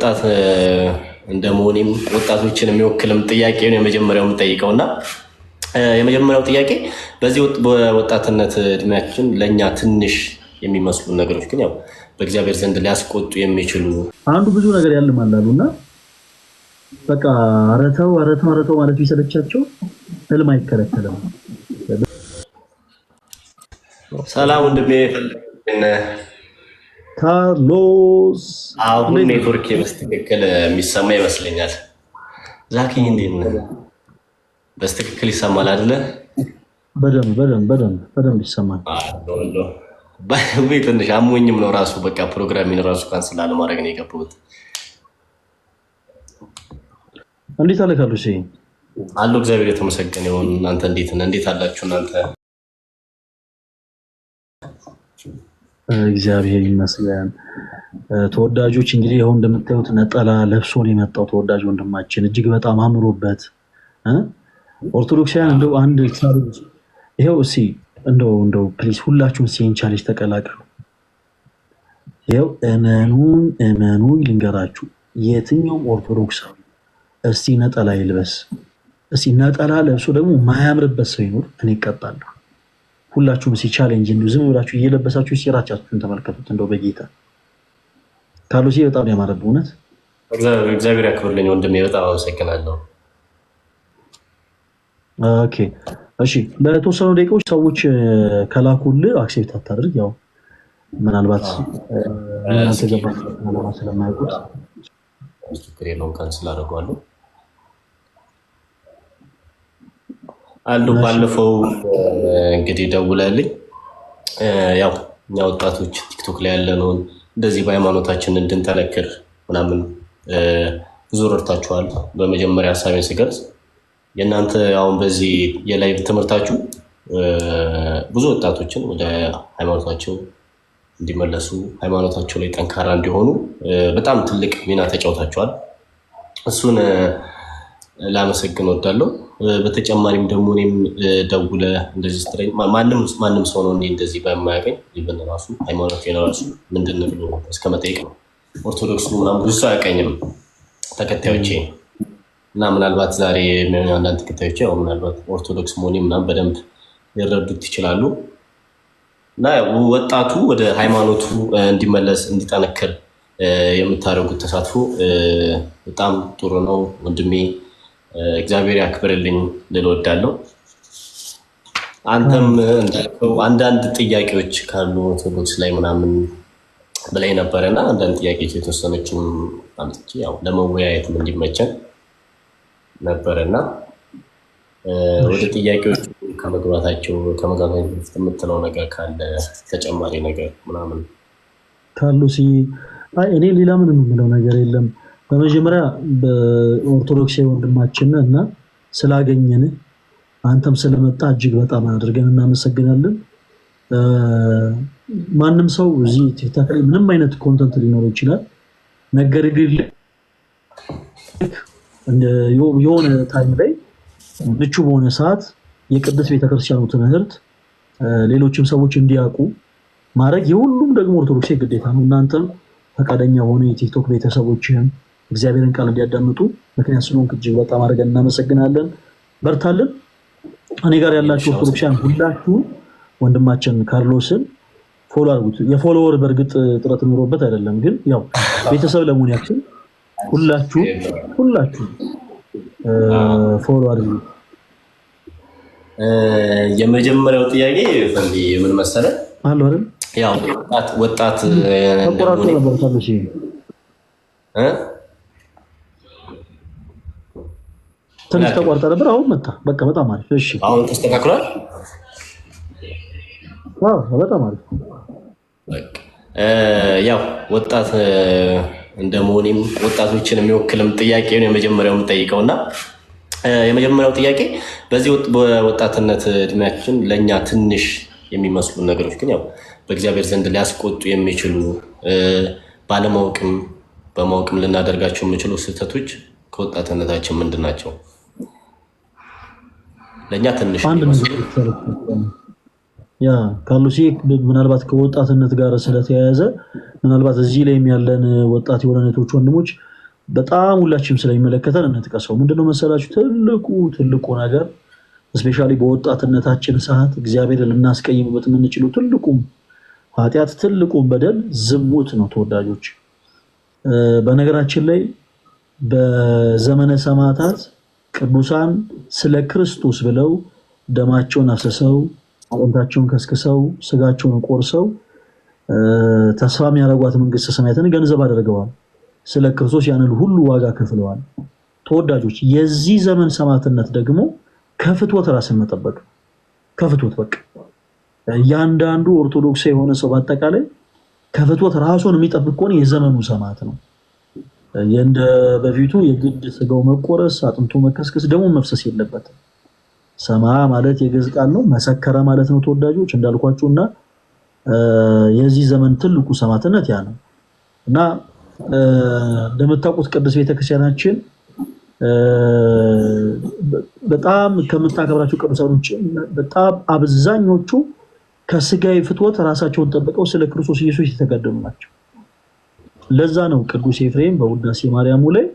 ወጣት እንደመሆኔም ወጣቶችን የሚወክልም ጥያቄ የመጀመሪያው የምጠይቀው እና የመጀመሪያው ጥያቄ በዚህ በወጣትነት እድሜያችን ለእኛ ትንሽ የሚመስሉ ነገሮች ግን ያው በእግዚአብሔር ዘንድ ሊያስቆጡ የሚችሉ አንዱ ብዙ ነገር ያልማላሉ እና በቃ አረተው አረተው አረተው ማለት ቢሰለቻቸው ህልም አይከለከለም። ሰላም ወንድሜ ካርሎስ አሁን ኔትወርክ በስትክክል የሚሰማ ይመስለኛል። ዛኪ እንዴት ነህ? በስትክክል ይሰማል አይደለ? በደንብ በደንብ በደንብ በደንብ ይሰማል። ትንሽ አሞኝም ነው ራሱ በቃ ፕሮግራሚን ራሱ ካንስል ለማድረግ ነው የገባሁት። እንዴት አለ ካርሎስ? አሉ እግዚአብሔር የተመሰገነ ይሁን። እናንተ እንዴት ነህ? እንዴት አላችሁ እናንተ? እግዚአብሔር ይመስገን። ተወዳጆች እንግዲህ ይኸው እንደምታዩት ነጠላ ለብሶን የመጣው ተወዳጅ ወንድማችን እጅግ በጣም አምሮበት ኦርቶዶክሳውያን እንደው አንድ ቻሌንጅ ይኸው እሲ እንደው እንደው ፕሊስ ሁላችሁም ሲን ቻሌንጅ ተቀላቀሉ። ይኸው እመኑን እመኑ ልንገራችሁ፣ የትኛውም ኦርቶዶክሳዊ እስቲ ነጠላ ይልበስ። እስቲ ነጠላ ለብሶ ደግሞ ማያምርበት ሰው ይኖር እኔ ይቀጣለሁ። ሁላችሁም ሲቻሌንጅ እንዲሁ ዝም ብላችሁ እየለበሳችሁ ሲራቻችሁን ተመልከቱት። እንደው በጌታ ሲ በጣም ያማረብ እውነት እግዚአብሔር ያክብርልኝ ወንድሜ፣ በጣም አመሰግናለሁ። ኦኬ እሺ፣ ለተወሰኑ ደቂቃዎች ሰዎች ከላኩል አክሴፕት አታድርግ። ያው ምናልባት እናንተ ስለማያውቁት ችግር የለውም፣ ካንስል አደርገዋለሁ። አሉ ባለፈው እንግዲህ ደውለልኝ ያው እኛ ወጣቶች ቲክቶክ ላይ ያለነውን እንደዚህ በሃይማኖታችን እንድንጠነክር ምናምን ብዙ ረድታችኋል። በመጀመሪያ ሀሳቤን ስገልጽ የእናንተ አሁን በዚህ የላይቭ ትምህርታችሁ ብዙ ወጣቶችን ወደ ሃይማኖታቸው እንዲመለሱ ሃይማኖታቸው ላይ ጠንካራ እንዲሆኑ በጣም ትልቅ ሚና ተጫውታችኋል። እሱን ላመሰግን ወዳለው። በተጨማሪም ደግሞ እኔም ደውለ እንደዚህ ስትለኝ ማንም ማንም ሰው ነው እንደዚህ በማያገኝ ይብን ራሱ ሃይማኖት ራሱ ምንድን ብሎ እስከ መጠየቅ ነው። ኦርቶዶክስ ምናምን ብዙ ሰው አያቀኝም ተከታዮቼ እና ምናልባት ዛሬ የሚሆን አንዳንድ ተከታዮች ያው ምናልባት ኦርቶዶክስ መሆኔ ምናምን በደንብ ሊረዱት ይችላሉ። እና ወጣቱ ወደ ሃይማኖቱ እንዲመለስ እንዲጠነክር የምታደርጉት ተሳትፎ በጣም ጥሩ ነው ወንድሜ። እግዚአብሔር ያክብርልኝ ልል አንተም እንዳልከው አንዳንድ ጥያቄዎች ካሉ ቶቦች ላይ ምናምን ብላይ ነበረ እና አንዳንድ ጥያቄዎች የተወሰነችውን አምጥቼ ያው ለመወያየትም እንዲመቸን ነበረ እና ወደ ጥያቄዎቹ ከመግባታቸው ከመግባታቸው በፊት የምትለው ነገር ካለ ተጨማሪ ነገር ምናምን ካሉ ሲ እኔ ሌላ ምንም የምለው ነገር የለም። በመጀመሪያ በኦርቶዶክስ ወንድማችን እና ስላገኘን አንተም ስለመጣ እጅግ በጣም አድርገን እናመሰግናለን። ማንም ሰው እዚህ ቲክታክ ላይ ምንም አይነት ኮንተንት ሊኖር ይችላል። ነገር ግን የሆነ ታይም ላይ ምቹ በሆነ ሰዓት የቅድስት ቤተክርስቲያኑ ትምህርት ሌሎችም ሰዎች እንዲያውቁ ማድረግ የሁሉም ደግሞ ኦርቶዶክስ ግዴታ ነው። እናንተም ፈቃደኛ ሆነ የቲክቶክ ቤተሰቦችህም እግዚአብሔርን ቃል እንዲያዳምጡ ምክንያት ስለሆንክ እጅግ በጣም አድርገን እናመሰግናለን። በርታለን። እኔ ጋር ያላችሁ ኦርቶዶክሳን ሁላችሁ ወንድማችን ካርሎስን ፎሎ አድርጉት። የፎሎወር በእርግጥ ጥረት ኑሮበት አይደለም፣ ግን ያው ቤተሰብ ለመሆን ያክል ሁላችሁ ሁላችሁ ፎሎ አድርጉ። የመጀመሪያው ጥያቄ ፈንዲ ምን መሰለ አለ አይደል? ያው ወጣት ወጣት ተቆራርጦ ነበር እ ትንሽ ተቆርጠ ነበር። አሁን መጣ። በቃ በጣም አሪፍ። እሺ አሁን ተስተካክሏል። አዎ በጣም አሪፍ። ያው ወጣት እንደመሆኔም ወጣቶችን የሚወክልም ጥያቄ ነው የመጀመሪያው የምጠይቀው እና የመጀመሪያው ጥያቄ በዚህ በወጣትነት እድሜያችን ለእኛ ትንሽ የሚመስሉ ነገሮች ግን ያው በእግዚአብሔር ዘንድ ሊያስቆጡ የሚችሉ ባለማወቅም በማወቅም ልናደርጋቸው የሚችሉ ስህተቶች ከወጣትነታችን ምንድን ናቸው? ለእኛ ትንሽ ያ ካሉ ሲ ምናልባት ከወጣትነት ጋር ስለተያያዘ ምናልባት እዚህ ላይም ያለን ወጣት የሆነ ወንድሞች በጣም ሁላችንም ስለሚመለከተን እንጥቀሰው። ምንድነው መሰላችሁ ትልቁ ትልቁ ነገር እስፔሻሊ በወጣትነታችን ሰዓት እግዚአብሔር ልናስቀይምበት የምንችለው ትልቁም ኃጢአት ትልቁም በደል ዝሙት ነው። ተወዳጆች በነገራችን ላይ በዘመነ ሰማዕታት ቅዱሳን ስለ ክርስቶስ ብለው ደማቸውን አፍሰሰው አጥንታቸውን ከስክሰው ስጋቸውን ቆርሰው ተስፋ የሚያደርጓት መንግስተ ሰማያትን ገንዘብ አድርገዋል። ስለ ክርስቶስ ያንን ሁሉ ዋጋ ከፍለዋል። ተወዳጆች፣ የዚህ ዘመን ሰማዕትነት ደግሞ ከፍትወት ራስን መጠበቅ ከፍትወት በቃ እያንዳንዱ ኦርቶዶክስ የሆነ ሰው በአጠቃላይ ከፍትወት ራሱን የሚጠብቅ ከሆነ የዘመኑ ሰማዕት ነው። እንደ በፊቱ የግድ ስጋው መቆረስ፣ አጥንቱ መከስከስ፣ ደግሞ መፍሰስ የለበትም። ሰማ ማለት የግዕዝ ቃል ነው። መሰከረ ማለት ነው። ተወዳጆች እንዳልኳችሁ እና የዚህ ዘመን ትልቁ ሰማዕትነት ያ ነው እና እንደምታውቁት ቅድስት ቤተክርስቲያናችን በጣም ከምታከብራቸው ቅዱሳኖች በጣም አብዛኞቹ ከስጋዊ ፍትወት ራሳቸውን ጠብቀው ስለ ክርስቶስ ኢየሱስ የተጋደሉ ናቸው። ለዛ ነው ቅዱስ ኤፍሬም በውዳሴ ማርያሙ ላይ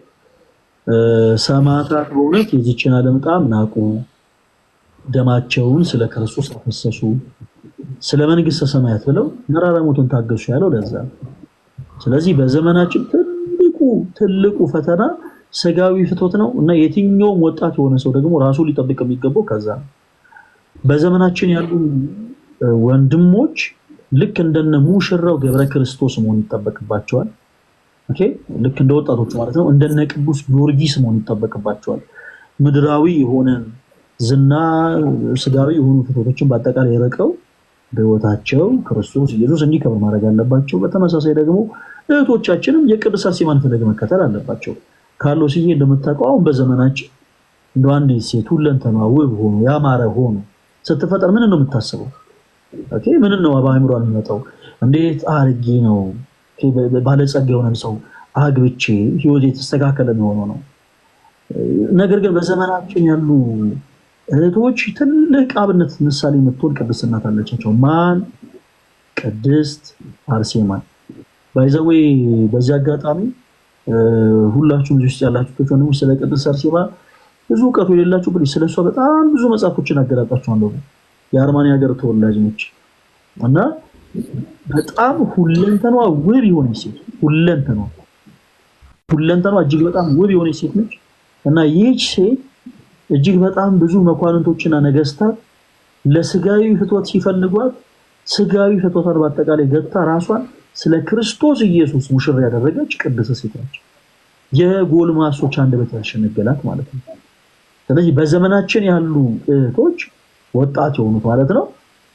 ሰማዕታት በእውነት የዚችን ዓለም ናቁ፣ ደማቸውን ስለ ክርስቶስ አፈሰሱ፣ ስለ መንግስተ ሰማያት ብለው መራራ ሞትን ታገሱ ያለው ለዛ። ስለዚህ በዘመናችን ትልቁ ትልቁ ፈተና ስጋዊ ፍቶት ነው እና የትኛውም ወጣት የሆነ ሰው ደግሞ ራሱ ሊጠብቅ የሚገባው ከዛ በዘመናችን ያሉ ወንድሞች ልክ እንደነ ሙሽራው ገብረ ክርስቶስ መሆን ይጠበቅባቸዋል። ኦኬ ልክ እንደ ወጣቶች ማለት ነው። እንደነ ቅዱስ ጊዮርጊስ መሆን ይጠበቅባቸዋል። ምድራዊ የሆነ ዝና፣ ስጋዊ የሆኑ ፍቶቶችን በአጠቃላይ የረቀው በህይወታቸው ክርስቶስ ኢየሱስ እንዲከብር ማድረግ አለባቸው። በተመሳሳይ ደግሞ እህቶቻችንም የቅድሳት ሲማን ፈለግ መከተል አለባቸው። ካለው ስዬ እንደምታውቀው አሁን በዘመናችን እንደ አንድ ሴት ሁለንተማ ውብ ሆኖ ያማረ ሆኖ ስትፈጠር ምን ነው የምታስበው? ምን ነው በአእምሮ የሚመጣው? እንዴት አርጌ ነው ባለጸጋ የሆነን ሰው አግብቼ ህይወት የተስተካከለ ቢሆኑ ነው። ነገር ግን በዘመናችን ያሉ እህቶች ትልቅ አብነት ምሳሌ የምትሆን ቅድስት እናት አለቻቸው። ማን? ቅድስት አርሴማን። ባይዘዌ በዚህ አጋጣሚ ሁላችሁም እዚህ ውስጥ ያላችሁ ወንድሞች ስለ ቅድስት አርሴማ ብዙ እውቀቱ የሌላችሁ ብ ስለ እሷ በጣም ብዙ መጽሐፎችን አገላጣችኋለሁ። የአርማኒ ሀገር ተወላጅ ነች እና በጣም ሁለንተኗ ውብ የሆነች ሴት ሁለንተኗ ሁለንተኗ እጅግ በጣም ውብ የሆነች ሴት ነች እና ይህች ሴት እጅግ በጣም ብዙ መኳንንቶችና ነገስታት ለስጋዊ ፍትወት ሲፈልጓት ስጋዊ ፍትወቷን በአጠቃላይ ገጥታ ራሷን ስለ ክርስቶስ ኢየሱስ ሙሽር ያደረገች ቅድስት ሴት ነች። የጎልማሶች አንደበት ያሸነገላት ማለት ነው። ስለዚህ በዘመናችን ያሉ እህቶች ወጣት የሆኑት ማለት ነው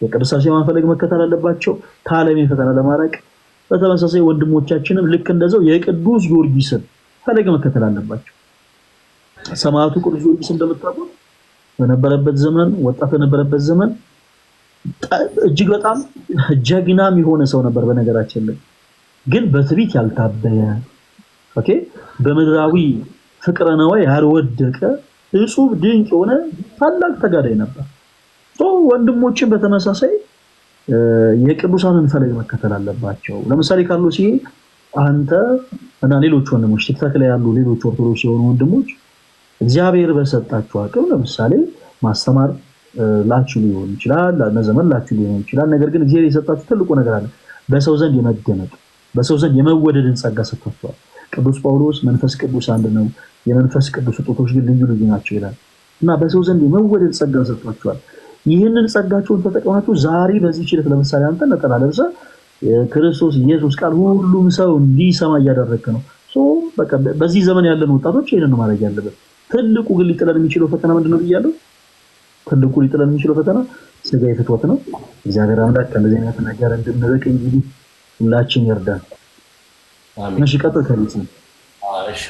የቅርሳቸው ማፈለግ መከተል አለባቸው ከዓለም ፈተና ለማራቅ። በተመሳሳይ ወንድሞቻችንም ልክ እንደዛው የቅዱስ ጊዮርጊስን ፈለግ መከተል አለባቸው። ሰማዕቱ ቅዱስ ጊዮርጊስ እንደምታውቁ በነበረበት ዘመን ወጣት በነበረበት ዘመን እጅግ በጣም ጀግናም የሆነ ሰው ነበር። በነገራችን ላይ ግን በትዕቢት ያልታበየ ኦኬ፣ በምድራዊ ፍቅረ ነዋይ ያልወደቀ እጹብ ድንቅ የሆነ ታላቅ ተጋዳይ ነበር። ወንድሞችን በተመሳሳይ የቅዱሳንን ፈለግ መከተል አለባቸው። ለምሳሌ ካሉ ሲሄ አንተ እና ሌሎች ወንድሞች ቲክታክ ላይ ያሉ ሌሎች ኦርቶዶክስ የሆኑ ወንድሞች እግዚአብሔር በሰጣቸው አቅም ለምሳሌ ማስተማር ላችሁ ሊሆን ይችላል፣ መዘመን ላችሁ ሊሆን ይችላል። ነገር ግን እግዚአብሔር የሰጣችሁ ትልቁ ነገር አለ። በሰው ዘንድ የመደመጥ በሰው ዘንድ የመወደድን ጸጋ ሰጥቷቸዋል። ቅዱስ ጳውሎስ መንፈስ ቅዱስ አንድ ነው፣ የመንፈስ ቅዱስ ስጦቶች ግን ልዩ ልዩ ናቸው ይላል እና በሰው ዘንድ የመወደድ ጸጋ ሰጥቷቸዋል። ይህንን ጸጋቸውን ተጠቅማችሁ ዛሬ በዚህ ችለት ለምሳሌ አንተ ነጠላ ለብሰ የክርስቶስ ኢየሱስ ቃል ሁሉም ሰው እንዲሰማ እያደረግክ ነው። በዚህ ዘመን ያለን ወጣቶች ይህንን ማድረግ ያለበት። ትልቁ ግን ሊጥለን የሚችለው ፈተና ምንድን ነው ብያለሁ? ትልቁ ሊጥለን የሚችለው ፈተና ስጋ የፍትወት ነው። እግዚአብሔር አምላክ ከእንደዚህ አይነት ነገር እንድንርቅ እንግዲህ ሁላችን ይርዳል። ነሽ ቀጥል ከሊት ነው።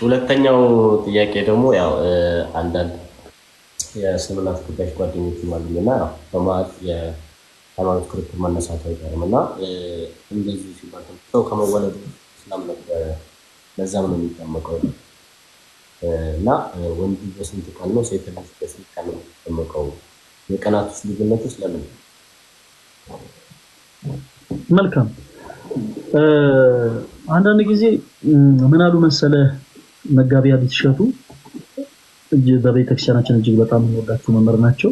ሁለተኛው ጥያቄ ደግሞ ያው አንዳንድ የእስልምና ተከታዮች ጓደኞችም አሉኝና በማል የሃይማኖት ክርክር መነሳት አይቀርም እና እንደዚህ ሲባል ሰው ከመወለዱ ስላም ነበረ ለዛም ነው የሚጠመቀው እና ወንድ በስንት ቀን ነው ሴት ልጅ በስንት ቀን ነው የሚጠመቀው? የቀናት ውስጥ ልዩነት ውስጥ ለምን? መልካም አንዳንድ ጊዜ ምን አሉ መሰለ መጋቢያ ሊትሸቱ በቤተክርስቲያናችን እጅግ በጣም የምንወዳቸው መምህር ናቸው።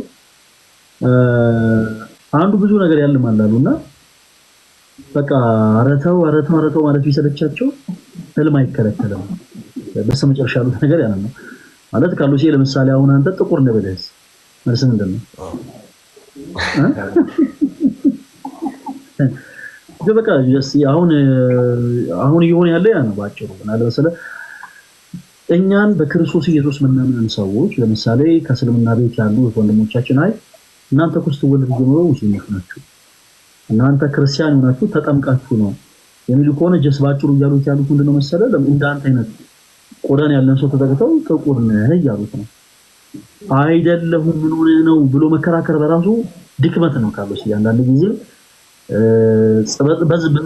አንዱ ብዙ ነገር ያልማላሉ እና በቃ አረተው አረተው አረተው ማለት ቢሰለቻቸው ህልም አይከለከልም። በስተ መጨረሻ ያሉት ነገር ያለ ነው ማለት ካሉ ካሉሴ ለምሳሌ አሁን አንተ ጥቁር ነህ ብለህ መልስ ምንድን ነው? በቃ አሁን እየሆነ ያለ ያ ነው በአጭሩ ምናለ መሰለህ እኛን በክርስቶስ ኢየሱስ ምናምንን ሰዎች ለምሳሌ ከእስልምና ቤት ያሉ ወንድሞቻችን አይ እናንተ እኮ ስትወለዱ ጀምሮ ሙስሊሞች ናችሁ፣ እናንተ ክርስቲያን ሆናችሁ ተጠምቃችሁ ነው የሚሉ ከሆነ ጀስ ባጭሩ እያሉት ያሉት ምንድነው መሰለ እንደ አንተ አይነት ቆዳን ያለን ሰው ተጠቅተው ጥቁር ነህ እያሉት ነው። አይደለሁም ምን ሆነህ ነው ብሎ መከራከር በራሱ ድክመት ነው ካሉስ እያንዳንድ ጊዜ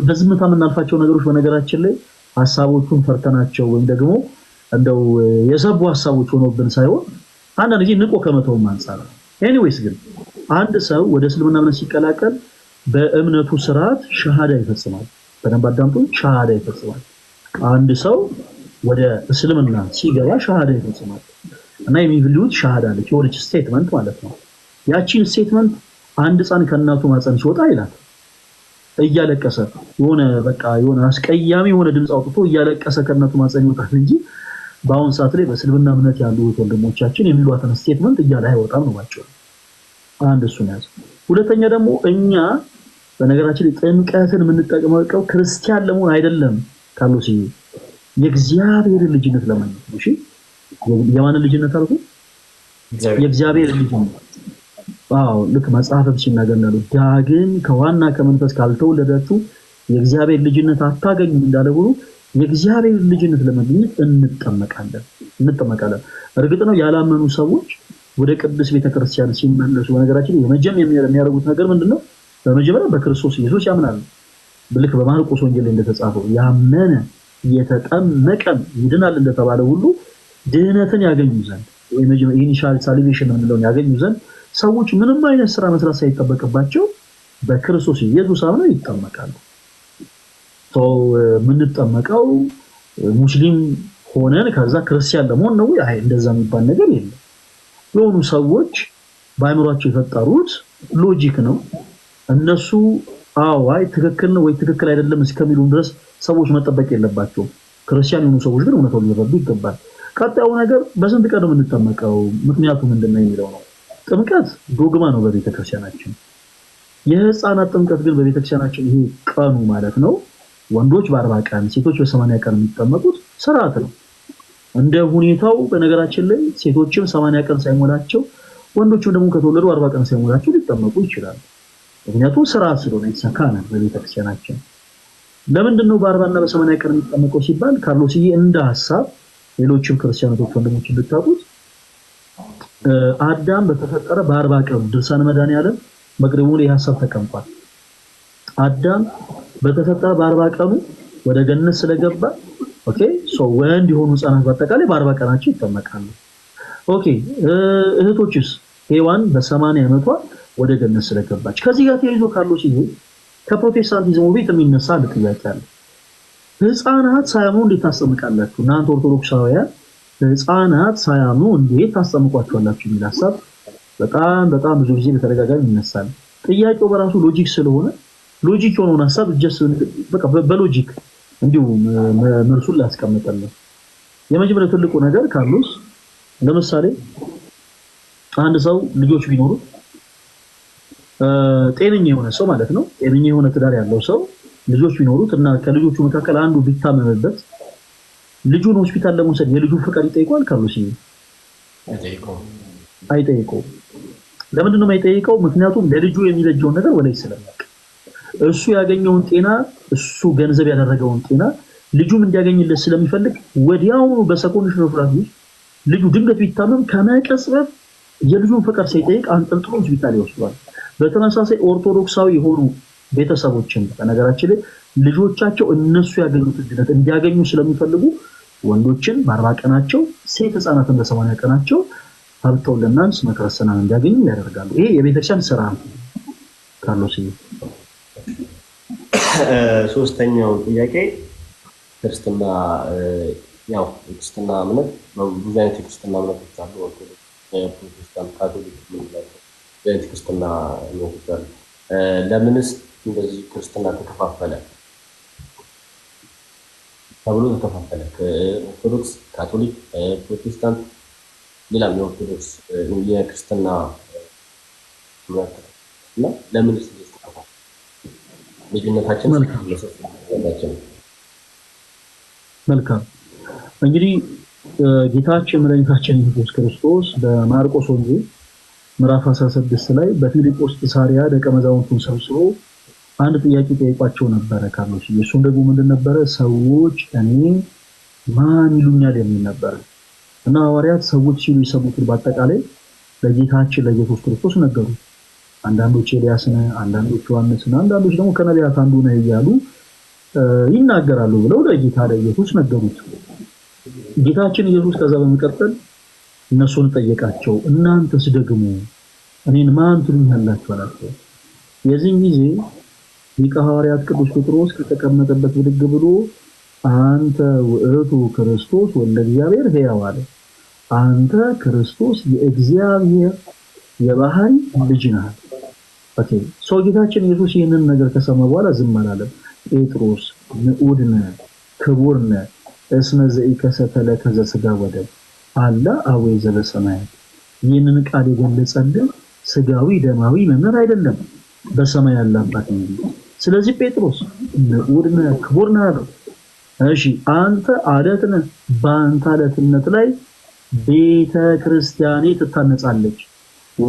በዝምታ የምናልፋቸው ነገሮች በነገራችን ላይ ሀሳቦቹን ፈርተናቸው ወይም ደግሞ እንደው የሰቡ ሀሳቦች ሆኖብን ሳይሆን አንዳንድ ጊዜ ንቆ ከመተውም አንጻር ኤኒዌይስ ግን አንድ ሰው ወደ እስልምና እምነት ሲቀላቀል በእምነቱ ስርዓት ሸሃዳ ይፈጽማል። በደንብ አዳምጡ። ሸሃዳ ይፈጽማል። አንድ ሰው ወደ እስልምና ሲገባ ሸሃዳ ይፈጽማል እና የሚብሉት ሸሃዳ አለች፣ የሆነች ስቴትመንት ማለት ነው። ያቺን ስቴትመንት አንድ ህፃን ከእናቱ ማፀን ሲወጣ ይላል እያለቀሰ የሆነ በቃ የሆነ አስቀያሚ የሆነ ድምፅ አውጥቶ እያለቀሰ ከእናቱ ማፀን ይወጣል እንጂ በአሁን ሰዓት ላይ በእስልምና እምነት ያሉ ወንድሞቻችን የሚሏትን ስቴትመንት እያለ አይወጣም ነው ባቸው። አንድ እሱን ያዘ። ሁለተኛ ደግሞ እኛ በነገራችን ላይ ጥምቀትን የምንጠቀመው ክርስቲያን ለመሆን አይደለም ካሉ ሲ የእግዚአብሔር ልጅነት ለማግኘት ነው። እሺ ልጅነት አልኩ? የእግዚአብሔር ልጅነት። አዎ ልክ መጽሐፍም ሲናገር እንዳሉ ዳግም ከዋና ከመንፈስ ካልተወለዳችሁ የእግዚአብሔር ልጅነት አታገኙም እንዳለ ሁሉ የእግዚአብሔር ልጅነት ለማግኘት እንጠመቃለን እንጠመቃለን። እርግጥ ነው ያላመኑ ሰዎች ወደ ቅዱስ ቤተክርስቲያን ሲመለሱ፣ በነገራችን የመጀመሪያ የሚያደርጉት ነገር ምንድን ነው? በመጀመሪያ በክርስቶስ ኢየሱስ ያምናሉ። ልክ በማርቆስ ወንጌል ላይ እንደተጻፈው ያመነ የተጠመቀም ይድናል እንደተባለ ሁሉ ድህነትን ያገኙ ዘንድ ኢኒሻል ሳልቬሽን የምንለውን ያገኙ ዘንድ ሰዎች ምንም አይነት ስራ መስራት ሳይጠበቅባቸው በክርስቶስ ኢየሱስ አምነው ይጠመቃሉ። የምንጠመቀው ሙስሊም ሆነን ከዛ ክርስቲያን ለመሆን ነው? እንደዛ የሚባል ነገር የለም። የሆኑ ሰዎች በአይምሯቸው የፈጠሩት ሎጂክ ነው። እነሱ አዋይ ትክክል ነው ወይ ትክክል አይደለም እስከሚሉ ድረስ ሰዎች መጠበቅ የለባቸውም። ክርስቲያን የሆኑ ሰዎች ግን እውነታውን ሊረዱ ይገባል። ቀጣዩ ነገር በስንት ቀን ነው የምንጠመቀው፣ ምክንያቱ ምንድን ነው የሚለው ነው። ጥምቀት ዶግማ ነው በቤተክርስቲያናችን። የህፃናት ጥምቀት ግን በቤተክርስቲያናችን ይሄ ቀኑ ማለት ነው ወንዶች በአርባ ቀን ሴቶች በሰማንያ ቀን የሚጠመቁት ስርዓት ነው። እንደ ሁኔታው በነገራችን ላይ ሴቶችም ሰማንያ ቀን ሳይሞላቸው ወንዶችም ደግሞ ከተወለዱ አርባ ቀን ሳይሞላቸው ሊጠመቁ ይችላሉ። ምክንያቱም ስራ ስለሆነ የተሰካ ነ በቤተክርስቲያናችን። ለምንድን ነው በአርባና በሰማንያ ቀን የሚጠመቀው ሲባል ካርሎስዬ እንደ ሀሳብ ሌሎችም ክርስቲያኖች ወንድሞች እንድታውቁት አዳም በተፈጠረ በአርባ ቀኑ ድርሳነ መድኃኔዓለም መቅደሙ ላይ ሀሳብ ተቀምጧል። አዳም በተፈጠረ በአርባ ቀኑ ወደ ገነት ስለገባ ኦኬ ሶ ወንድ የሆኑ ህፃናት በአጠቃላይ በአርባ ቀናቸው ይጠመቃሉ። ኦኬ እህቶችስ ሔዋን በሰማንያ ዓመቷ ወደ ገነት ስለገባች ከዚህ ጋር ተያይዞ ካለው ሲሆን ከፕሮቴስታንቲዝሙ ቤት የሚነሳ አንድ ጥያቄ አለ። ህፃናት ሳያምኑ እንዴት ታስጠምቃላችሁ? እናንተ ኦርቶዶክሳውያን ህፃናት ሳያምኑ እንዴት ታስጠምቋቸዋላችሁ? የሚል ሀሳብ በጣም በጣም ብዙ ጊዜ በተደጋጋሚ ይነሳል። ጥያቄው በራሱ ሎጂክ ስለሆነ ሎጂክ የሆነውን ሀሳብ በቃ በሎጂክ እንዲሁ መልሱን ላስቀምጠልን። የመጀመሪያ ትልቁ ነገር ካርሎስ፣ ለምሳሌ አንድ ሰው ልጆች ቢኖሩት ጤነኛ የሆነ ሰው ማለት ነው፣ ጤነኛ የሆነ ትዳር ያለው ሰው ልጆች ቢኖሩት እና ከልጆቹ መካከል አንዱ ቢታመምበት ልጁን ሆስፒታል ለመውሰድ የልጁ ፍቃድ ይጠይቋል? ካርሎስ አይጠይቀውም። ለምንድነው የማይጠይቀው? ምክንያቱም ለልጁ የሚበጀውን ነገር ወላጅ ስለሚያውቅ እሱ ያገኘውን ጤና እሱ ገንዘብ ያደረገውን ጤና ልጁም እንዲያገኝለት ስለሚፈልግ ወዲያውኑ በሰኮንዶች ፍራፊ ውስጥ ልጁ ድንገት ቢታመም ከመቀጽበት የልጁን ፍቅር ሳይጠይቅ አንጠልጥሎ ሆስፒታል ይወስዷል። በተመሳሳይ ኦርቶዶክሳዊ የሆኑ ቤተሰቦችን በነገራችን ላይ ልጆቻቸው እነሱ ያገኙት ድነት እንዲያገኙ ስለሚፈልጉ ወንዶችን በአርባ ቀናቸው ሴት ህፃናትን በሰማንያ ቀናቸው ሀብተውን ለእናንስ መከረሰናን እንዲያገኙ ያደርጋሉ። ይሄ የቤተክርስቲያን ስራ ነው ካርሎስ ሶስተኛው ጥያቄ ክርስትና ያው የክርስትና እምነት ብዙ አይነት የክርስትና እምነቶች አሉ። ፕሮቴስታንት፣ ካቶሊክ የምንላቸው ብዙ አይነት የክርስትና እምነቶች አሉ። ለምንስ እንደዚህ ክርስትና ተከፋፈለ ተብሎ ተከፋፈለ? ኦርቶዶክስ፣ ካቶሊክ፣ ፕሮቴስታንት ሌላም የኦርቶዶክስ የክርስትና እምነት እና ለምንስ ልዩነታችን መልካም እንግዲህ ጌታችን መድኃኒታችን ኢየሱስ ክርስቶስ በማርቆስ ወንጌል ምዕራፍ 16 ላይ በፊልጶስ ቂሳሪያ ደቀ መዛሙርቱን ሰብስቦ አንድ ጥያቄ ጠይቋቸው ነበረ ካሎች እሱም ደግሞ ምንድን ነበረ? ሰዎች እኔ ማን ይሉኛል የሚል ነበረ እና ሐዋርያት ሰዎች ሲሉ የሰሙትን በአጠቃላይ ለጌታችን ለኢየሱስ ክርስቶስ ነገሩት። አንዳንዶች ኤልያስን፣ አንዳንዶች ዮሐንስን፣ አንዳንዶች ደግሞ ከነቢያት አንዱ ነህ እያሉ ይናገራሉ ብለው ለጌታ ለኢየሱስ ነገሩት። ጌታችን ኢየሱስ ከዛ በመቀጠል እነሱን ጠየቃቸው። እናንተስ ደግሞ እኔን ማን ትሉኛላችሁ አላቸው። የዚህን ጊዜ ሊቀ ሐዋርያት ቅዱስ ጴጥሮስ ከተቀመጠበት ብድግ ብሎ አንተ ውእቱ ክርስቶስ ወልደ እግዚአብሔር ሕያው አለ። አንተ ክርስቶስ የእግዚአብሔር የባህሪ ልጅ ነህ። ሰው ጌታችን ኢየሱስ ይህንን ነገር ከሰማ በኋላ ዝም አላለም። ጴጥሮስ ንዑድነ ክቡርነ እስመ ዘኢከሰተለ ከዘ ስጋ ወደም አላ አቡየ ዘበሰማያት ይህንን ቃል የገለጸልን ስጋዊ ደማዊ መምህር አይደለም በሰማይ ያለ አባት ነው። ስለዚህ ጴጥሮስ ንዑድነ ክቡርነ አለው። እሺ አንተ አለት በአንተ አለትነት ላይ ቤተ ክርስቲያኔ ትታነጻለች።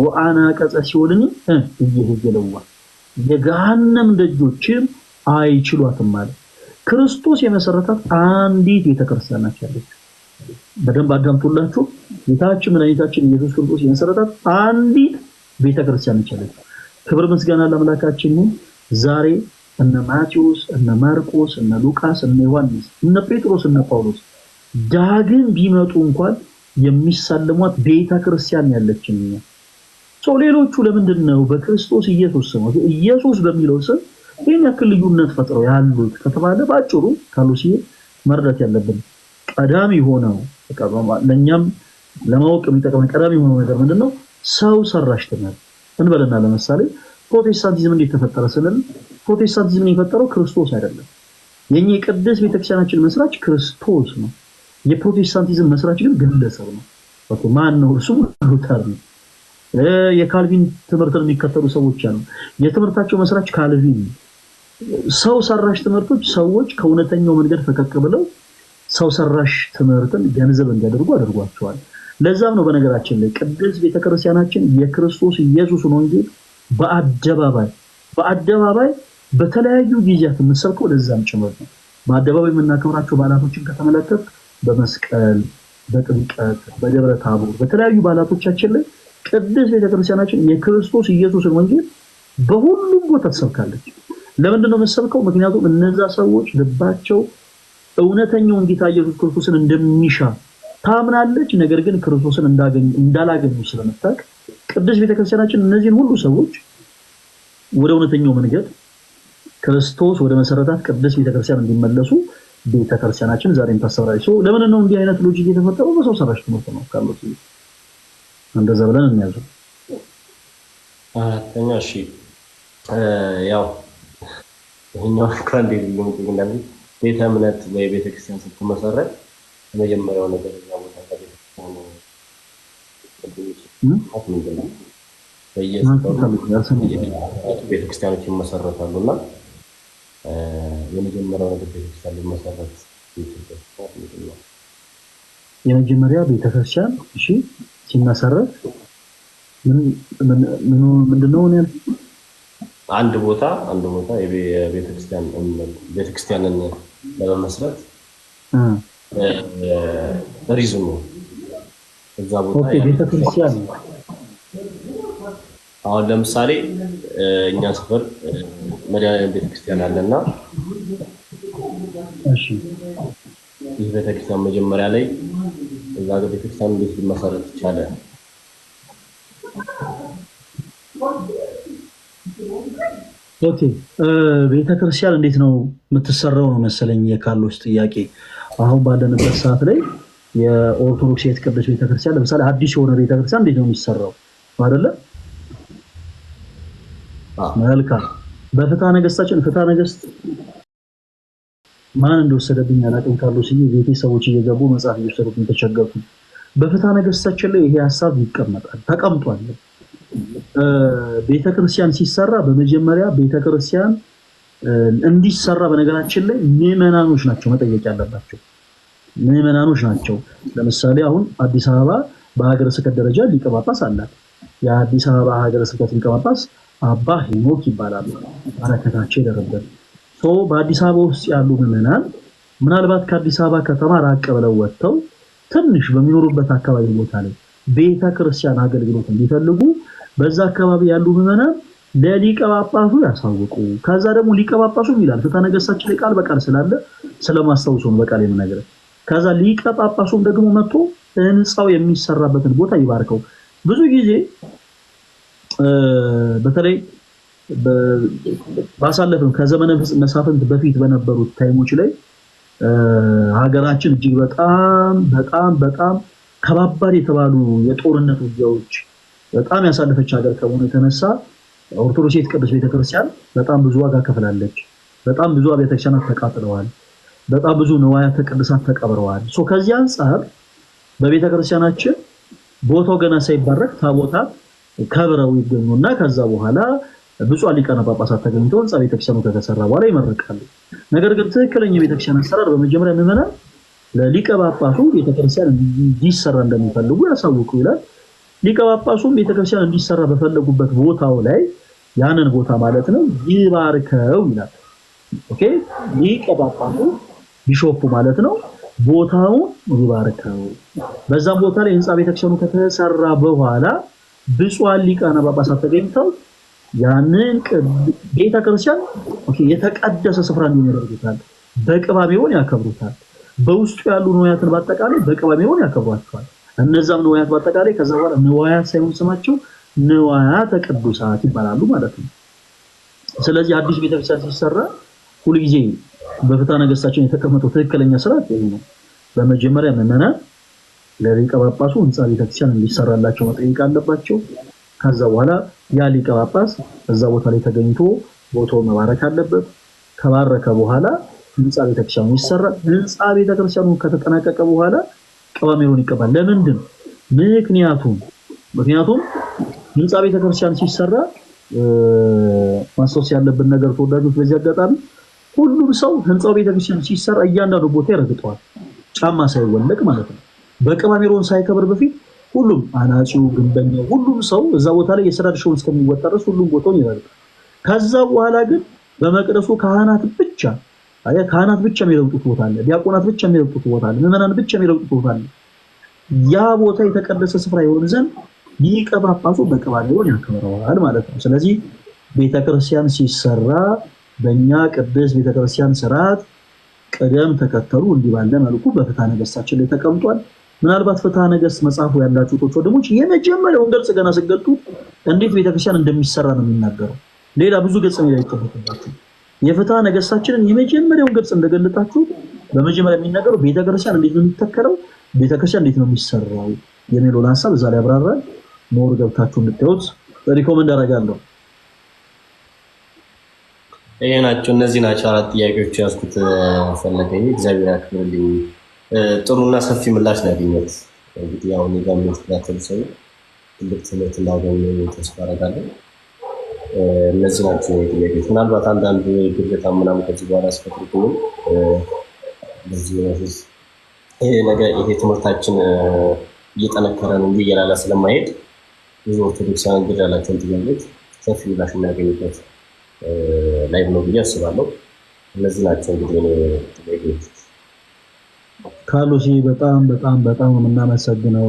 ወአና ቀጸ ሲኦልን እየሄየለዋ የገሃነም ደጆችም አይችሏትም ማለት ክርስቶስ የመሰረታት አንዲት ቤተክርስቲያን ናት ያለችው። በደንብ አዳምጡላችሁ። ጌታችን መድኃኒታችን ኢየሱስ ክርስቶስ የመሰረታት አንዲት ቤተክርስቲያን ነች ያለችው። ክብር ምስጋና ለአምላካችን። ዛሬ እነ ማቴዎስ፣ እነ ማርቆስ፣ እነ ሉቃስ፣ እነ ዮሐንስ፣ እነ ጴጥሮስ፣ እነ ጳውሎስ ዳግም ቢመጡ እንኳን የሚሳለሟት ቤተክርስቲያን ያለችን ሰው ሌሎቹ ለምንድን ነው በክርስቶስ ኢየሱስ ስም ኢየሱስ በሚለው ስም ይህን ያክል ልዩነት ፈጥረው ያሉት ከተባለ በአጭሩ ካሉ ሲ መረዳት ያለብን ቀዳሚ ሆነው ለእኛም ለማወቅ የሚጠቅመን ቀዳሚ የሆነው ነገር ምንድን ነው? ሰው ሰራሽ ትምህርት እንበልና ለምሳሌ ፕሮቴስታንቲዝም እንዴት ተፈጠረ ስንል ፕሮቴስታንቲዝምን የፈጠረው ክርስቶስ አይደለም። የኛ የቅድስት ቤተክርስቲያናችን መስራች ክርስቶስ ነው። የፕሮቴስታንቲዝም መስራች ግን ግለሰብ ነው። ማን ነው እርሱ? ሉተር ነው። የካልቪን ትምህርትን የሚከተሉ ሰዎች አሉ። የትምህርታቸው መስራች ካልቪን። ሰው ሰራሽ ትምህርቶች ሰዎች ከእውነተኛው መንገድ ፈቀቅ ብለው ሰው ሰራሽ ትምህርትን ገንዘብ እንዲያደርጉ አድርጓቸዋል። ለዛም ነው በነገራችን ላይ ቅድስት ቤተክርስቲያናችን የክርስቶስ ኢየሱስን ወንጌል በአደባባይ በአደባባይ በተለያዩ ጊዜያት የምሰብከው ለዛም ጭምር ነው። በአደባባይ የምናከብራቸው በዓላቶችን ከተመለከት በመስቀል፣ በጥምቀት፣ በደብረ ታቦር በተለያዩ በዓላቶቻችን ላይ ቅድስት ቤተክርስቲያናችን የክርስቶስ ኢየሱስን ወንጌል በሁሉም ቦታ ትሰብካለች። ለምንድን ነው የምትሰብከው? ምክንያቱም እነዛ ሰዎች ልባቸው እውነተኛውን ጌታ ኢየሱስ ክርስቶስን እንደሚሻ ታምናለች። ነገር ግን ክርስቶስን እንዳላገኙ ስለምታውቅ ቅድስት ቤተክርስቲያናችን እነዚህን ሁሉ ሰዎች ወደ እውነተኛው መንገድ ክርስቶስ ወደ መሰረታት ቅድስት ቤተክርስቲያን እንዲመለሱ ቤተክርስቲያናችን ዛሬም ታስተምራለች። ለምን ነው እንዲህ አይነት ሎጂክ የተፈጠረው? በሰው ሰራሽ ትምህርት ነው ካሉት እንደዛ ብለን እንያዘው። አራተኛ እሺ፣ ያው ይህኛው እንኳን እንደሌለው ይገኛል። ቤተ እምነት ወይ ቤተክርስቲያን ክርስቲያን ስትመሰረት የመጀመሪያው ነገር እዛ ቦታ ቤተክርስቲያኖች ይመሰረታሉ እና የመጀመሪያው ነገር ቤተክርስቲያን ሊመሰረት የመጀመሪያ ቤተክርስቲያን እሺ ሲመሰረት ምንድነው ያል አንድ ቦታ አንድ ቦታ ቤተክርስቲያንን ለመመስረት ሪዝኑ እዛ ቦታ ቤተክርስቲያን አሁን ለምሳሌ እኛ ሰፈር መድኃኔዓለም ቤተክርስቲያን አለና ይህ ቤተክርስቲያን መጀመሪያ ላይ እዛ ጋር ቤተክርስቲያን እንዴት ሊመሰረት ይቻለ? ኦኬ ቤተክርስቲያን እንዴት ነው የምትሰራው ነው መሰለኝ የካርሎስ ጥያቄ። አሁን ባለንበት ሰዓት ላይ የኦርቶዶክስ የት ቅዱስ ቤተክርስቲያን ለምሳሌ አዲስ የሆነ ቤተክርስቲያን እንዴት ነው የሚሰራው አደለ መልካም በፍትሐ ነገስታችን ፍትሐ ነገስት ማን እንደወሰደብኝ አላውቅም። ካሉ ስዬ ቤቴ ሰዎች እየገቡ መጽሐፍ እየወሰዱብኝ ተቸገርኩ። በፍትሐ ነገሥታችን ላይ ይሄ ሀሳብ ይቀመጣል ተቀምጧል። ቤተክርስቲያን ሲሰራ በመጀመሪያ ቤተክርስቲያን እንዲሰራ በነገራችን ላይ ምዕመናኖች ናቸው መጠየቅ ያለባቸው ምዕመናኖች ናቸው። ለምሳሌ አሁን አዲስ አበባ በሀገረ ስብከት ደረጃ ሊቀ ጳጳስ አላት። የአዲስ አበባ ሀገረ ስብከት ሊቀ ጳጳስ አባ ሄኖክ ይባላሉ። በረከታቸው የደረበን በአዲስ አበባ ውስጥ ያሉ ምዕመናን ምናልባት ከአዲስ አበባ ከተማ ራቅ ብለው ወጥተው ትንሽ በሚኖሩበት አካባቢ ቦታ ላይ ቤተ ክርስቲያን አገልግሎት እንዲፈልጉ በዛ አካባቢ ያሉ ምዕመናን ለሊቀ ጳጳሱ ያሳውቁ። ከዛ ደግሞ ሊቀ ጳጳሱ ይላል ፍትሐ ነገሥታችን ላይ ቃል በቃል ስላለ ስለማስታውሶ ነው በቃል የምነግርህ። ከዛ ሊቀ ጳጳሱም ደግሞ መጥቶ ህንፃው የሚሰራበትን ቦታ ይባርከው። ብዙ ጊዜ በተለይ ባሳለፍም ከዘመነ መሳፍንት በፊት በነበሩት ታይሞች ላይ ሀገራችን እጅግ በጣም በጣም በጣም ከባባድ የተባሉ የጦርነት ውጊያዎች በጣም ያሳለፈች ሀገር ከመሆኑ የተነሳ ኦርቶዶክስ ቅዱስ ቤተክርስቲያን በጣም ብዙ ዋጋ ከፍላለች። በጣም ብዙ ቤተክርስቲያናት ተቃጥለዋል። በጣም ብዙ ንዋያተ ቅድሳት ተቀብረዋል። ከዚህ አንጻር በቤተክርስቲያናችን ቦታው ገና ሳይባረክ ታቦታት ከብረው ይገኙና ከዛ በኋላ ብፁዕ ሊቃነ ጳጳሳት ተገኝተው ህንፃ ቤተክርስቲያኑ ከተሰራ በኋላ ይመርቃሉ። ነገር ግን ትክክለኛ ቤተክርስቲያን አሰራር በመጀመሪያ ምዕመናን ለሊቀ ጳጳሱ ቤተክርስቲያን እንዲሰራ እንደሚፈልጉ ያሳውቁ ይላል። ሊቀ ጳጳሱም ቤተክርስቲያን እንዲሰራ በፈለጉበት ቦታው ላይ ያንን ቦታ ማለት ነው ይባርከው ይላል። ኦኬ ሊቀ ጳጳሱ ቢሾፉ ማለት ነው ቦታውን ይባርከው። በዛም ቦታ ላይ ህንፃ ቤተክርስቲያኑ ከተሰራ በኋላ ብፁዓን ሊቃነ ጳጳሳት ተገኝተው ያንን ቤተ ክርስቲያን የተቀደሰ ስፍራ እንዲሆን ያደርጉታል። ሆን ያከብሩታል። በውስጡ ያሉ ንዋያትን በአጠቃላይ በቅባሜውን ያከብሯቸዋል። እነዛም ንዋያት በአጠቃላይ ከዛ በኋላ ንዋያት ሳይሆን ስማቸው ንዋያተ ቅዱሳት ይባላሉ ማለት ነው። ስለዚህ አዲስ ቤተክርስቲያን ሲሰራ ሁልጊዜ በፍትሐ ነገሥታችን የተቀመጠው ትክክለኛ ስርዓት ይሄ ነው። በመጀመሪያ ምዕመናን ለሊቀ ጳጳሱ ህንፃ ቤተክርስቲያን እንዲሰራላቸው መጠየቅ አለባቸው። ከዛ በኋላ ያ ሊቀ ጳጳስ እዛ ቦታ ላይ ተገኝቶ ቦታው መባረክ አለበት። ከባረከ በኋላ ህንፃ ቤተክርስቲያኑ ይሰራል። ህንፃ ቤተክርስቲያኑ ከተጠናቀቀ በኋላ ቀባሜሮን ይቀባል። ለምንድን ምክንያቱም ምክንያቱም ህንፃ ቤተክርስቲያን ሲሰራ ማስታወስ ያለብን ነገር ተወዳጆች፣ በዚህ አጋጣሚ ሁሉም ሰው ህንፃው ቤተክርስቲያን ሲሰራ እያንዳንዱ ቦታ ይረግጠዋል፣ ጫማ ሳይወለቅ ማለት ነው። በቀባሜሮን ሳይከብር በፊት ሁሉም አናጺው፣ ግንበኛው፣ ሁሉም ሰው እዛ ቦታ ላይ የስራ ድርሻውን እስከሚወጣ ድረስ ሁሉም ቦታውን ይመርጣል። ከዛ በኋላ ግን በመቅደሱ ካህናት ብቻ አያ ካህናት ብቻ የሚረግጡት ቦታ አለ። ዲያቆናት ብቻ የሚረግጡት ቦታ አለ። ምዕመናን ብቻ የሚረግጡት ቦታ አለ። ያ ቦታ የተቀደሰ ስፍራ ይሆን ዘንድ ሊቀ ጳጳሱ በቅባ ሊሆን ያከብረዋል ማለት ነው። ስለዚህ ቤተክርስቲያን ሲሰራ በእኛ ቅድስ ቤተክርስቲያን ስርዓት ቅደም ተከተሉ እንዲህ ባለ መልኩ በፍትሐ ነገሥታችን ላይ ተቀምጧል። ምናልባት ፍትሐ ነገሥት መጽሐፉ ያላችሁ ቶች ወደሞች የመጀመሪያውን ገጽ ገና ስገልጡ እንዴት ቤተክርስቲያን እንደሚሰራ ነው የሚናገረው። ሌላ ብዙ ገጽ ሜዳ ይጠበቅባችሁ። የፍትሐ ነገሥታችንን የመጀመሪያውን ገጽ እንደገለጣችሁ በመጀመሪያ የሚናገረው ቤተክርስቲያን እንዴት ነው የሚተከለው፣ ቤተክርስቲያን እንዴት ነው የሚሰራው የሚለውን ሀሳብ እዛ ላይ ያብራራል። ሞር ገብታችሁ እንድታዩት ሪኮመንድ አደርጋለሁ። ይህ ናቸው እነዚህ ናቸው አራት ጥያቄዎች ያዝኩት ፈለገኝ እግዚአብሔር ያክብርልኝ። ጥሩና ሰፊ ምላሽ ነው ያገኘት። እንግዲህ ያው እኔ ጋር የሚወስዳቸው ሰው ትልቅ ትምህርት እናገኘ ተስፋ አደርጋለሁ። እነዚህ ናቸው ጥያቄዎች። ምናልባት አንዳንድ ግርታ ምናምን ከዚህ በኋላ ያስፈጥሩብንም በዚህ በፊት ይሄ ነገር ይሄ ትምህርታችን እየጠነከረ ነው እንጂ እየላላ ስለማሄድ ብዙ ኦርቶዶክሳውያን ግድ ያላቸውን ጥያቄዎች ሰፊ ምላሽ እናገኝበት ላይ ነው ብዬ አስባለሁ። እነዚህ ናቸው እንግዲህ ጥያቄዎች። ካሉሲ በጣም በጣም በጣም የምናመሰግነው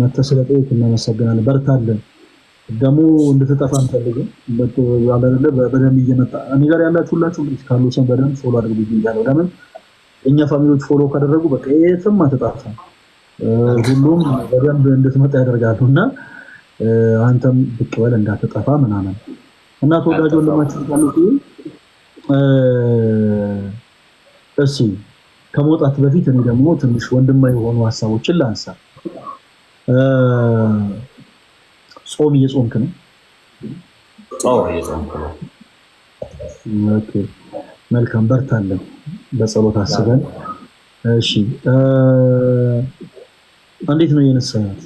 መተስለጤት እናመሰግናለን። በርታለን። ደግሞ እንድትጠፋ አንፈልግም። በደንብ እየመጣ እኔ ጋር ያላችሁ ሁላችሁ ካሉሰን በደንብ ፎሎ አድርጉ እያለው ለምን እኛ ፋሚሊዎች ፎሎ ካደረጉ በቃ የትም አትጣፋም። ሁሉም በደንብ እንድትመጣ ያደርጋሉ እና አንተም ብቅ በል እንዳትጠፋ ምናምን እና ተወዳጅ ወንድማችን ካሉ እሺ ከመውጣት በፊት እኔ ደግሞ ትንሽ ወንድማ የሆኑ ሀሳቦችን ላንሳ። ጾም እየጾምክ ነው? ጾም እየጾምክ ነው? መልካም በርታለን። በጸሎት አስበን። እሺ፣ እንዴት ነው የነሳት?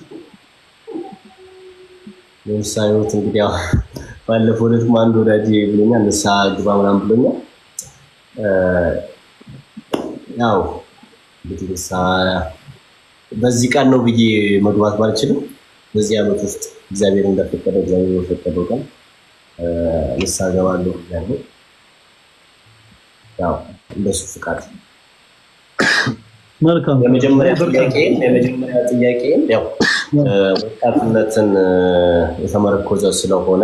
የነሳሁት እንግዲህ ባለፈው ዕለትም አንድ ወዳጅ ብሎኛል፣ ንስሓ ግባ ምናምን ብሎኛል ያው እንግዲህ በዚህ ቀን ነው ብዬ መግባት ባልችልም በዚህ ዓመት ውስጥ እግዚአብሔር እንደፈቀደ እግዚአብሔር የፈቀደው ቀን ንሳ ገባለሁ ያለው ያው እንደሱ ፍቃድ። መልካም የመጀመሪያ ጥያቄን የመጀመሪያ ጥያቄን ያው ወጣትነትን የተመረኮዘ ስለሆነ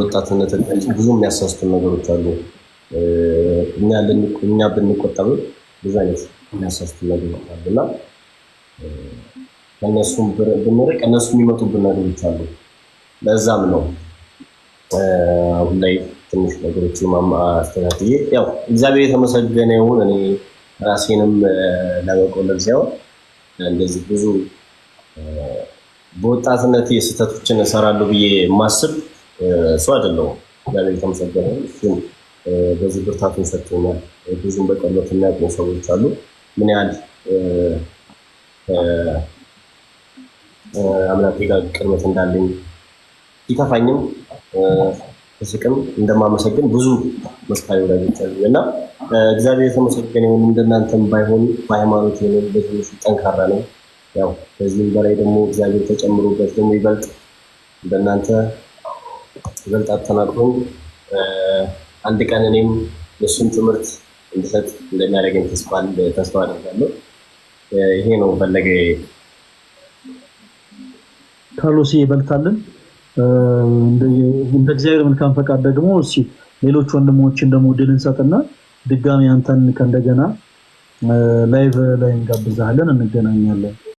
ወጣትነትን ብዙ የሚያሳስቱን ነገሮች አሉ። እኛ ብንቆጠብ ብዙ አይነት የሚያሳስቱ ነገሮች ከእነሱም ብንርቅ እነሱ የሚመጡብን ነገሮች አሉ። ለዛም ነው አሁን ላይ ትንሽ ነገሮች አስተካክዬ ያው እግዚአብሔር የተመሰገነ ይሁን። እኔ ራሴንም ለመቆለብ ሳይሆን እንደዚህ ብዙ በወጣትነት ስህተቶችን እሰራለሁ ብዬ ማስብ ሰው አይደለሁም። እግዚአብሔር የተመሰገነ በዚህ ብርታቱን ሰጥቶኛል። ብዙም በቀሎት የሚያውቁ ሰዎች አሉ። ምን ያህል አምላኬ ጋር ቅርበት እንዳለኝ ሲከፋኝም ስቅም እንደማመሰግን ብዙ መስካሪ ወዳጆች አሉ እና እግዚአብሔር የተመሰገነ ይሁን። እንደናንተም ባይሆን በሃይማኖት ሆነ በትንሹ ጠንካራ ነው። ያው ከዚህም በላይ ደግሞ እግዚአብሔር ተጨምሮበት ደግሞ ይበልጥ እንደናንተ ይበልጥ አጠናክሮኝ አንድ ቀን እኔም የእሱን ትምህርት እንድሰጥ እንደሚያደርገኝ ተስፋ አደርጋለሁ። ይሄ ነው ፈለገ ካሎሴ ይበልታለን። እንደ እግዚአብሔር መልካም ፈቃድ ደግሞ ሌሎች ወንድሞችን ደግሞ ድል እንሰጥና ድጋሚ አንተን ከእንደገና ላይቭ ላይ እንጋብዛለን፣ እንገናኛለን።